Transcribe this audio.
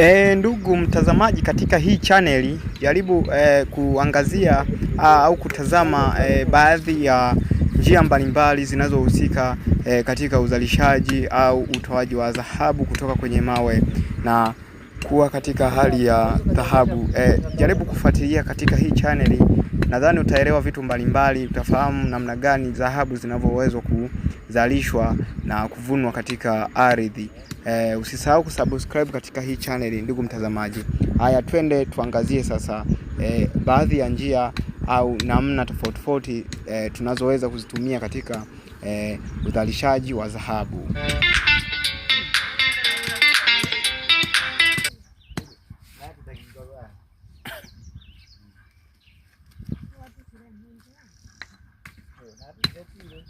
E, ndugu mtazamaji katika hii chaneli jaribu e, kuangazia a, ah, au kutazama e, baadhi ya njia mbalimbali zinazohusika e, katika uzalishaji au utoaji wa dhahabu kutoka kwenye mawe na kuwa katika hali ya dhahabu. E, jaribu kufuatilia katika hii chaneli nadhani utaelewa vitu mbalimbali, utafahamu namna gani dhahabu zinavyoweza kuzalishwa na kuvunwa katika ardhi. E, usisahau kusubscribe katika hii channel, ndugu mtazamaji. Haya, twende tuangazie sasa e, baadhi ya njia au namna tofauti tofauti e, tunazoweza kuzitumia katika e, uzalishaji wa dhahabu. સારી ખેતી